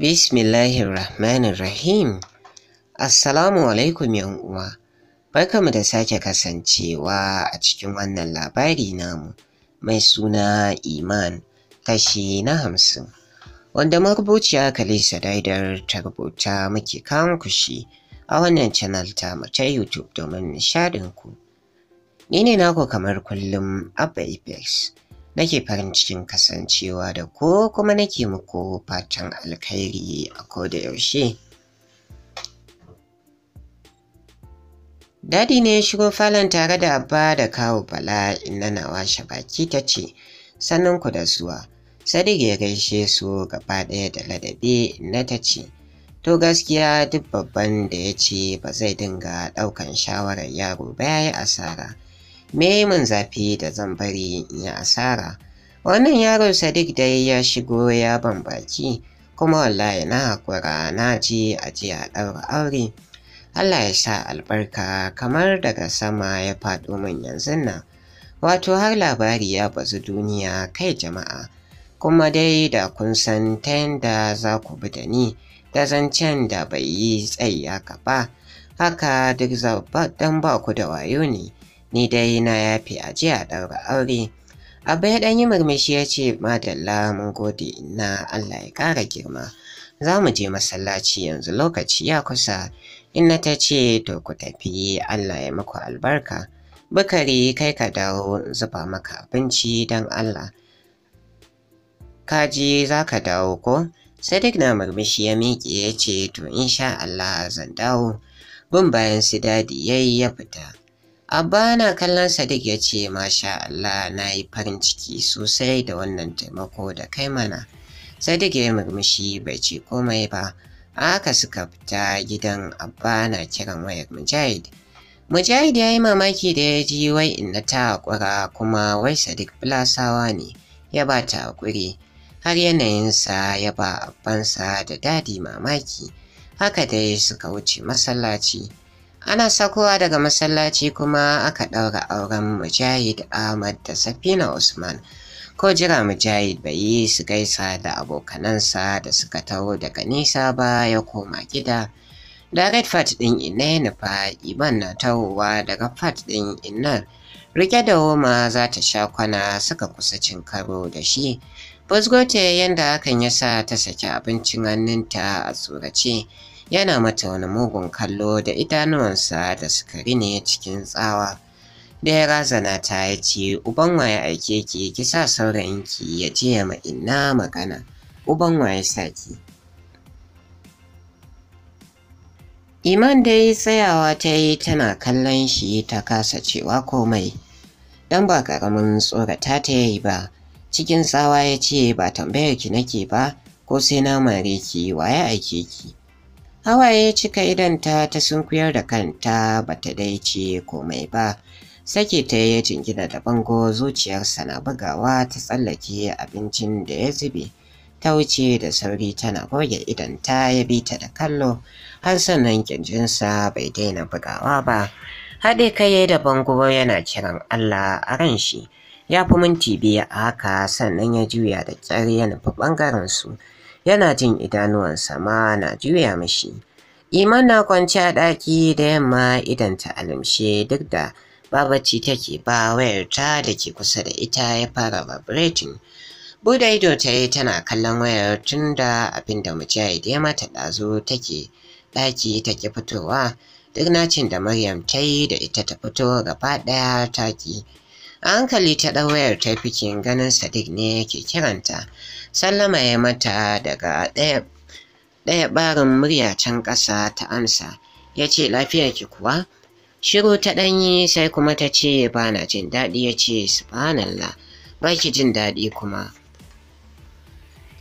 Bismillahirrahmanirrahim. Assalamu alaikum uwa. Barkamu da sake kasancewa a cikin wannan labari namu mai suna Iman tashi na hamsin. Wanda marubuciya Kalisa Daidar ta rubuta muke kawo ku shi a wannan channel ta ta YouTube domin nishadinku. Ni ne naku kamar kullum Abba nake farin cikin kasancewa da ko kuma nake muku fatan alkhairi a koda yaushe. Dadi ne shigo falon tare da abba da kawo bala inna na washe baki ta ce, sannan ku da zuwa. Sadiq ya gaishe su gaba ɗaya da ladabi na ta ce, To gaskiya duk babban da ya ce ba zai dinga ɗaukan shawarar yaro ba ya yi asara. me mun zafi da zan bari in yi asara wannan yaro sadiq dai ya shigo ya ban kuma wallahi na hakura na ji a ji a ɗaura aure allah ya sa albarka kamar daga sama ya faɗo min yanzu nan wato har labari ya bazu duniya kai jama'a kuma dai da kun san ta yadda za ku bi da ni da zancen da bai yi tsayi haka ba haka duk zaɓaɓɓen ba ku da wayo ne ni dai na yafe a je ɗaura aure abba ya ɗan yi murmushi ya ce madalla mun gode na allah ya ƙara girma za mu je masallaci yanzu lokaci ya kusa inna ta ce to ku tafi allah ya muku albarka bukari kai ka dawo zuba maka abinci don allah kaji za ka dawo ko sadiq na murmushi ya miƙe ya ce to sha allah zan dawo bin bayan su dadi yayi ya fita Abba na kallon Sadiq ya ce, Masha Allah na yi farin ciki sosai da wannan taimako da kai mana. Sadiq ya yi murmushi bai ce komai ba, aka suka fita gidan Abba na kiran wayar Mujahid. Mujahid ya yi mamaki da ya ji wai inna ta haƙura kuma wai Sadiq filasawa ne ya ba ta haƙuri. Har sa ya ba abbansa da dadi mamaki, haka dai suka wuce masallaci. Ana sakowa daga masallaci kuma aka ɗaura auren Mujahid Ahmad da Safina Usman. Ko jira Mujahid bai yi su gaisa da abokanansa da suka taho daga nisa ba ya koma gida. Da Red Fat ɗin Inai nufa Iban na tahowa daga Fat ɗin Inar. Rike da Homa za ta sha kwana suka kusa cin karo da shi. Fusgote yadda hakan ya sa ta saki abincin hannunta a tsorace. yana mata wani mugun kallo da idanuwansa da suka rine cikin tsawa da ya razana ta ya ce uban waye aike ki ki sa saurayinki ya je ya ma'ina magana uban waye saki iman dai tsayawa ta yi tana kallon shi ta kasa cewa komai dan ba karamin tsorata ta yi ba cikin tsawa ya ce ba tambayar ki nake ba ko sai na mare ki waye aike ki Hawaye cika idanta ta sunkuyar da kanta bata dai ce komai ba. Sake ta yi jingina da bango zuciyarsa na bugawa ta tsallake abincin da ya zube. Ta wuce da sauri tana goge idanta ya bi ta da kallo har sannan kirjinsa bai daina bugawa ba. Haɗe kai da bango yana kiran Allah a ran shi. Ya fi minti biyu a haka sannan ya juya da ƙyar ya nufi ɓangarensu. su. yana jin idanuwansa ma na juya mashi. Iman na kwanci a ɗaki da yamma idan ta alamshe duk da babaci take ba wayarta da ke kusa da ita ya fara vibrating. Buda ido ta yi tana kallon wayar tun da abin da Mujahid ya mata ɗazu take ɗaki take fitowa duk nacin da Maryam ta yi da ita ta fito gaba ɗaya taki A hankali ta ɗan wayar ta fikin ganin Sadiq ne yake kiranta. Sallama ya mata daga ɗaya ɗaya ɓarin murya can ƙasa ta amsa. Ya ce ki kuwa? Shiru ta ɗanyi sai kuma ta ce ba na jin daɗi ya ce subhanallah ba ki jin daɗi kuma.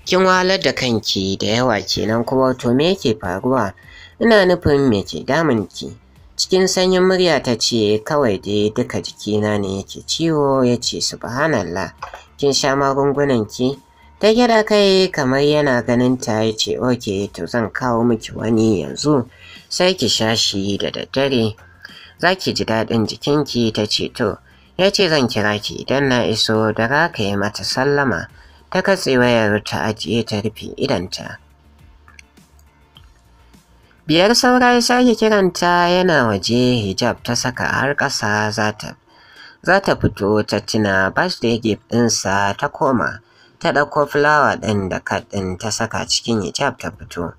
Kin walar da kanki da yawa kenan kuma to me yake faruwa? Ina nufin me ke damunki? ki? cikin sanyin murya ta ce kawai dai duka jikina ne yake ciwo ya ce subhanallah kin sha magungunan ki ta gyara kai kamar yana ganin ta ya ce oke to zan kawo miki wani yanzu sai ki sha shi da daddare za ki ji daɗin jikinki ta ce to ya ce zan kira ki idan na iso da raka yi mata sallama ta katse wayar ta ajiye ta rufe idanta. biyar saura ya sake kiranta yana waje hijab ta saka har ƙasa za ta fito ta tuna birthday gift ɗinsa ta koma ta ɗauko fulawa ɗin da kat ɗin ta saka cikin hijab ta fito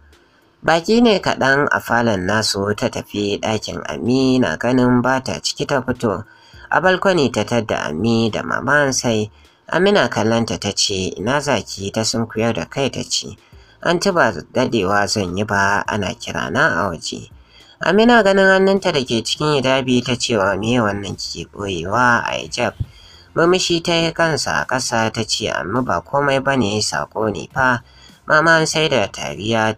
baki ne kaɗan a falon nasu ta tafi ɗakin Amina ganin ba ta ciki ta fito a balkoni ta tadda ami da mama sai amina kallanta ta ce ina zaki ta sunkuyar da kai ta ce an ci ba dadewa zan yi ba ana kira na a waje amina ganin hannunta da ke cikin idabi ta cewa me wannan kike ɓoyewa a hijab murmushi ta yi kansa a ƙasa ta ce amma ba komai ba ne saƙo ne fa mama sai da tariya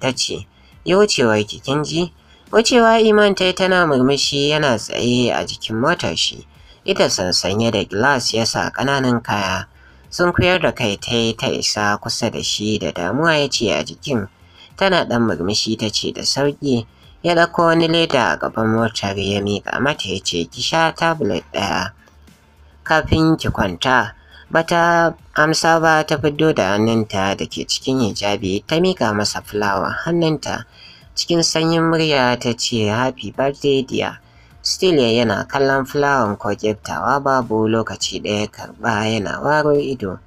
ta ce yi wucewar kikin ji wucewa iman ta tana murmushi yana tsaye a jikin motar shi ita sansanye da gilas ya sa ƙananan kaya sun kuyar da kai ta yi ta isa kusa da shi da damuwa ya ce a jikin tana ɗan murmushi ta ce da sauƙi ya ɗauko wani leda a gaban motar ya miƙa mata ya ce ki sha tablet ɗaya kafin ki kwanta bata amsa ba ta fiddo da hannunta da ke cikin hijabi ta miƙa masa fulawa hannunta cikin sanyin murya ta ce happy birthday dear ya yana kallon fulawan ko kiftawa babu lokaci ɗaya karɓa yana waro ido.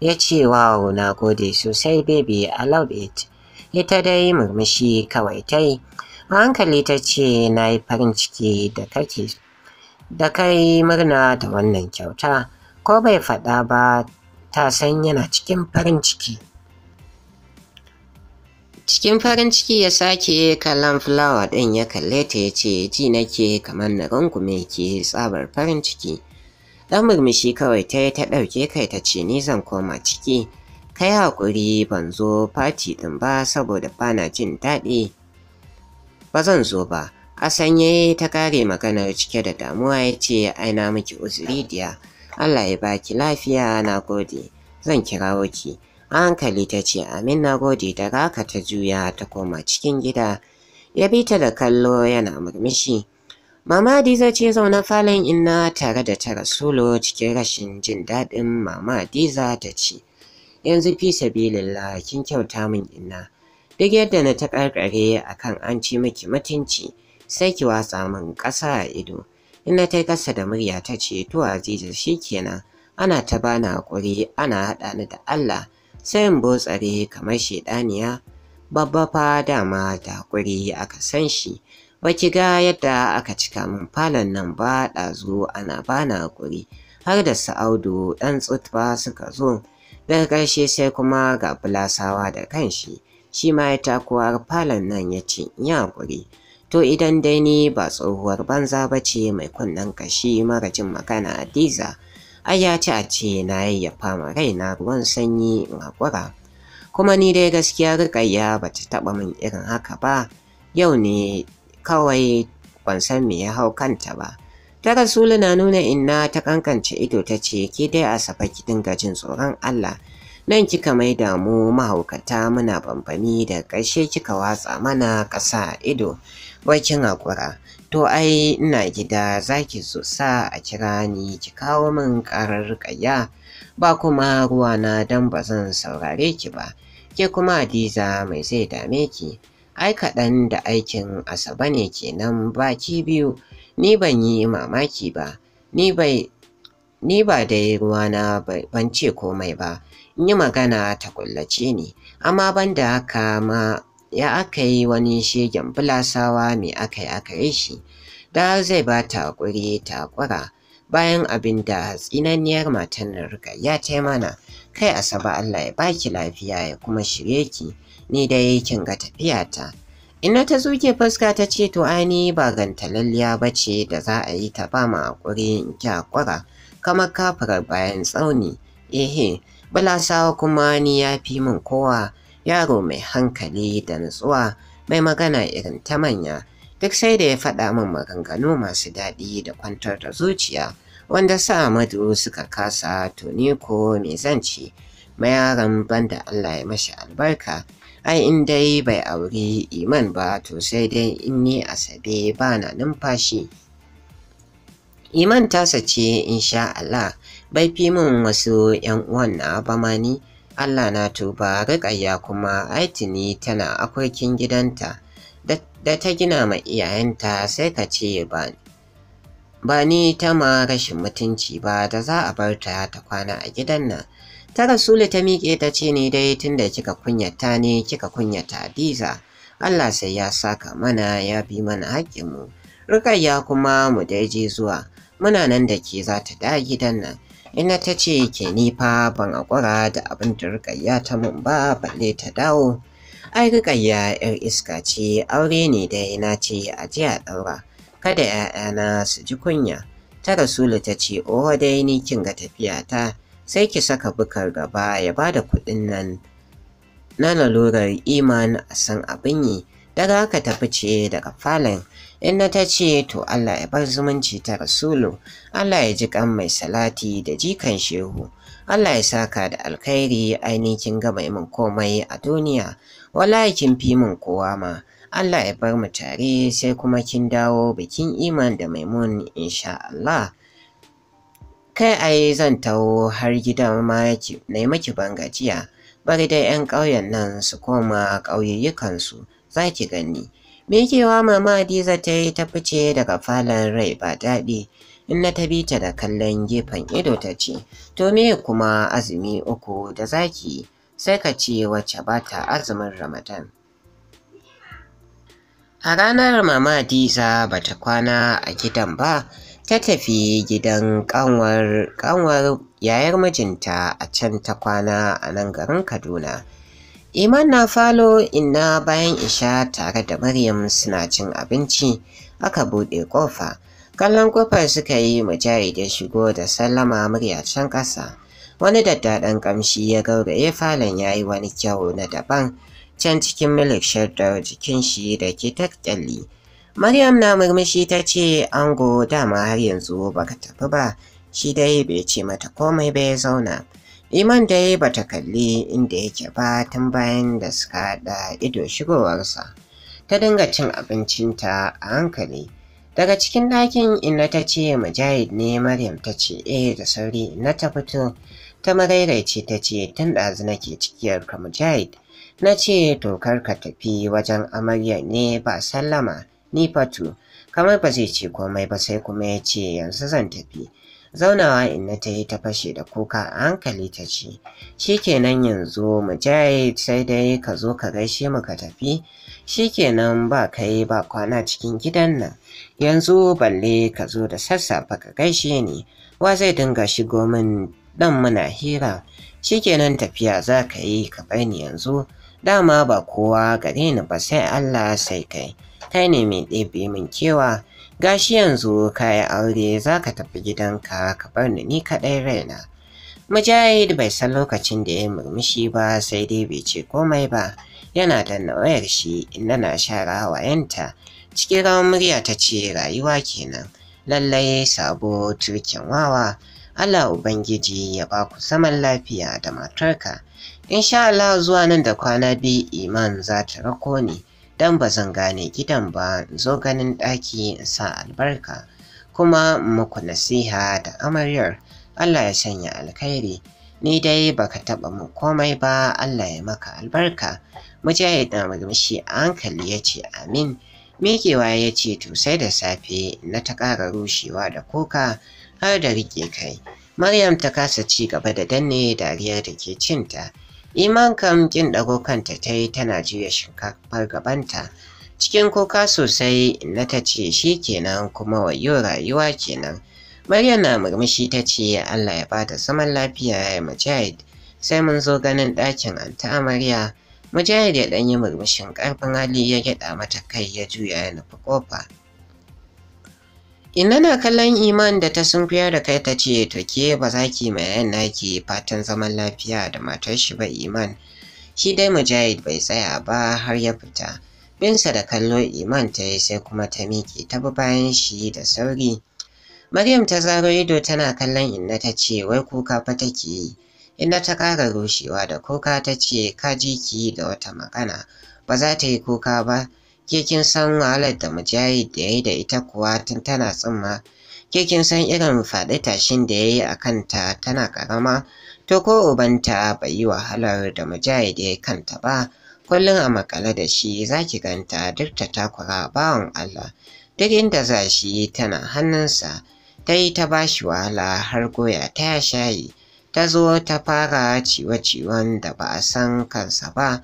Ya ce wow na gode sosai baby I love it. Ita dai murmushi kawai ta yi. A hankali ta ce na yi farin ciki da kake da kai murna da wannan kyauta ko bai faɗa ba ta san yana cikin farin ciki. cikin farin ciki ya sake kallon fulawa ɗin ya kalle ta ya ce ji nake kamar na rungume ke tsabar farin ciki Dan murmushi kawai ta yi ta ɗauke kai ta ce ni zan koma ciki kai haƙuri ban zo fati ɗin ba saboda bana jin daɗi ba zan zo ba a sanye ta kare maganar cike da damuwa ya ce aina miki uzuri uzuridiya Allah ya baki lafiya na gode zan kirawo ki hankali ta ce Amin na gode daga haka ta juya ta koma cikin gida. Ya bi ta da kallo yana murmushi. Mama Hadiza ce zaune falon inna tare da ta Rasulu cikin rashin jin daɗin Mama Hadiza ta ce, Yanzu fi sabilillah kin kyauta min inna. Duk yadda na ta ƙarƙare a kan an ci miki mutunci, sai ki watsa min ƙasa a ido. Inna ta yi ƙasa da murya ta ce, To Aziza shi kenan, ana ta bani haƙuri, ana haɗa ni da Allah. sai in botsare kamar shedaniya babba fa dama ta kuri aka san shi Ba ki ga yadda aka cika min falon nan ba ɗazu ana bana hakuri har da sa'audu ɗan tsutfa suka zo daga ƙarshe sai kuma ga bulasawa da kanshi shi ma ya takuwar falon nan ya ce ya hakuri to idan dai ni ba tsohuwar banza ba ce mai kunnen kashi mara jin magana diza Aya ci a ce na yayyafa ma na ruwan sanyi haƙura kuma ni dai gaskiya riƙayya ba ta taɓa min irin haka ba yau ne kawai ban san me ya hau kanta ba ta rasulu na nuna inna ta kankance ido ta ce ke dai asafa ki dinga jin tsoron Allah nan kika mai damu mahaukata muna bambami da ƙarshe kika watsa mana ƙasa ido wai kin haƙura to ai ina gida za ki so sa a kira ni ki kawo min ƙarar kayya ba kuma ruwa na don ba zan saurare ki ba ke kuma Hadiza mai zai dame ki ai kaɗan da aikin asaba ne kenan baki biyu ni ban yi mamaki ba ni bai ni ba dai ruwana ban ce komai ba in yi magana ta kullace ni amma ban da haka ma ya aka yi wani shegen bulasawa mai aka yi aka yi shi da zai ba ta ƙuri ta ƙura bayan abin da tsinaniyar matan rikayya ta mana kai asaba Allah ya baki lafiya ya kuma shirye ki ni da yakin ga tafiyata Inna ta zuke fuska ta ce to ani ba ganta ba ce da za a yi ta ba ma haƙuri in kura. Kama kafirar bayan tsauni ehe balasawa kuma ni ya fi min kowa yaro mai hankali da nutsuwa mai magana irin ta manya duk sai da ya faɗa min maganganu masu daɗi da kwantar da zuciya wanda sa madu suka kasa to ni ko me zan ci mayaran banda Allah ya mashi albarka ai in dai bai auri iman ba to sai dai in ni asabe ba na numfashi iman tasa ce insha Allah bai fi min wasu yan uwan na ba ma Allah na tuba riƙayya kuma aitini tana akurkin gidanta da ta gina ma iyayenta sai ka ce ba ba ni ta ma rashin mutunci ba da za a bar ta ta kwana a gidan nan. Ta Rasulu ta miƙe ta ce ni dai tunda kika kunyata ne kika kunyata Hadiza. Allah sai ya saka mana ya bi mana haƙƙinmu. Rukayya kuma mu dai je zuwa. Muna nan da ke za ta da gidan nan. Ina ta ce ke nifa ban akwara da abin da rikayya ta mun ba balle ta dawo. Ai rikayya 'yar iska ce aure ne da na ce a ji a ɗaura. Kada 'ya'yana su ji kunya. Ta Rasulu ta ce oho dai ni kin ga tafiya ta sai ki saka bukar gaba ya ba da kuɗin nan na lalurar iman a san abin yi. Daga haka ta ce daga falon Inna ta ce to Allah ya bar zumunci ta rasulu, Allah ya ji kan mai salati da jikan shehu, Allah ya saka da alkhairi ainihin gama min komai a duniya, wallahi kin fi min kowa ma. Allah ya bar mu tare sai kuma kin dawo bikin iman da maimun insha Allah. Kai ai zan taho har gida ma na miki bangajiya, bari dai 'yan ƙauyen nan su koma ƙauyayyukansu za ki gani. Mikewa mama Hadiza ta yi ta fice daga falon rai ba daɗi. na ta bi ta da kallon gefen ido ta ce, To me kuma azumi uku da zaki sai ka ce wacce ba ta azumin Ramadan. A ranar mama Hadiza ba ta kwana a gidan ba, ta tafi gidan kanwar yayar mijinta a can ta kwana a nan garin Kaduna. Iman na falo ina bayan isha tare da Maryam suna cin abinci aka buɗe ƙofa. Kallon ƙofar suka yi mujahid ya shigo da sallama murya can ƙasa. Wani daddaɗan ƙamshi ya gauraye falon ya yi wani kyau na daban can cikin milik shaddar jikin shi da ke tattalli. Maryam na murmushi ta ce ango dama har yanzu baka tafi ba shi dai bai ce mata komai ba ya zauna. Iman dai bata kalli inda yake ba tun bayan da suka haɗa ido shigowarsa. Ta dinga cin abincinta a hankali. Daga cikin ɗakin ina ta ce mujahid ne Maryam ta ce eh da sauri na ta fito ta marairaice ta ce tun ɗazu nake cikiyar ka mujahid. Na ce to kar ka tafi wajen amarya ne ba sallama ni fatu kamar ba zai ce komai ba sai kuma ya ce yanzu zan tafi. Zaunawa inna ta yi ta fashe da kuka a hankali ta ce, shi kenan yanzu jaye sai dai ka zo ka gaishe mu ka tafi, shi kenan ba kai ba kwana cikin gidan nan, yanzu balle ka zo da sassafe ka gaishe ni, wa zai dinga shigo min dan muna hira, shi kenan tafiya za ka yi ka bai ni yanzu, dama ba kowa gare ni ba sai Allah sai kai, kai ne mai ɗebe min kewa. gashi yanzu ka yi aure za ka tafi gidanka ka bar ni ni kaɗai raina. Mujahid bai san lokacin da ya murmushi ba sai dai bai ce komai ba, yana da wayar shi inda na share hawayenta. Cikin rawar murya ta ce rayuwa kenan, lallai sabo turkin wawa, Allah Ubangiji ya ba ku saman lafiya da matarka. Insha Allah zuwa nan da kwana biyu iman za ta rako ni. dan ba zan gane gidan ba zo ganin ɗaki sa albarka kuma muku nasiha da amaryar Allah ya sanya alkhairi ni dai baka taɓa mu komai ba Allah ya maka albarka mujahid da murmushi a hankali ya ce amin Mikewa ya ce to sai da safe na ta ƙara rushewa da koka. har da rike kai Maryam ta kasa ci gaba da danne dariyar da ke cinta. Iman kam kin ɗago kanta ta yi tana juya shinkafar gabanta. Cikin kuka sosai na ta ce shi kenan kuma wayo rayuwa kenan. Maryam na murmushi ta ce Allah ya bata zaman lafiya ya Mujahid sai mun zo ganin ɗakin anta amarya. Mujahid ya ɗanyi murmushin ƙarfin hali ya gyaɗa mata kai ya juya ya nufi ƙofa. Ina na kallon Iman da ta sunkuyar da kai ta ce to ke ba za ki mai yan naki fatan zaman lafiya da matar shi ba Iman. Shi dai Mujahid bai tsaya ba har ya fita. Binsa da kallo Iman ta yi sai kuma ta miƙe ta bi bayan shi da sauri. Maryam ta zaro ido tana kallon Inna ta ce wai kuka fa take yi. Inna ta ƙara rushewa da kuka ta ce ka ji ki da wata magana ba za ta yi kuka ba ke kin san wahalar da mujahid da ya da ita kuwa tun tana tsumma. ke kin san irin faɗi tashin da ya yi a kanta tana karama to ko ubanta bai yi wahalar da mujahid ya kanta ba kullum a makale da shi za ki ganta duk ta takura bawan Allah duk inda za shi tana hannunsa ta yi ta bashi wahala har goya ta shayi ta zo ta fara ciwo-ciwon da ba a san kansa ba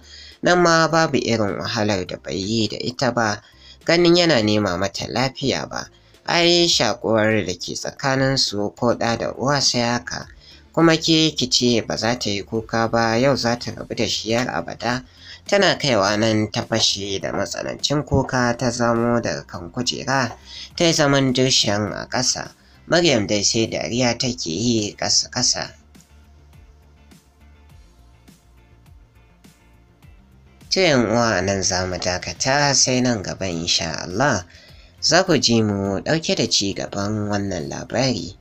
nan ma babu irin wahalar da bai yi da ita ba ganin yana nema mata lafiya ba ai shakuwar da ke tsakanin su ko ɗa da uwa sai haka kuma ke kice ba za ta yi kuka ba yau za ta rabu da shi yar abada tana kaiwa nan ta fashe da matsanancin kuka ta zamo daga kan kujera ta yi zaman dirshan a ƙasa maryam dai sai dariya take yi ƙasa-ƙasa To uwa nan za mu dakata sai nan gaba insha Allah za ku ji mu ɗauke da ci gaban wannan labari.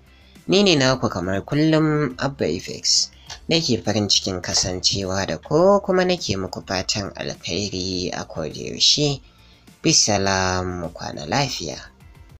Ni ne naku kamar kullum Abba Effects. Nake farin cikin kasancewa da ko kuma nake muku fatan alkhairi a kodayaushe. Bisalam kwana lafiya.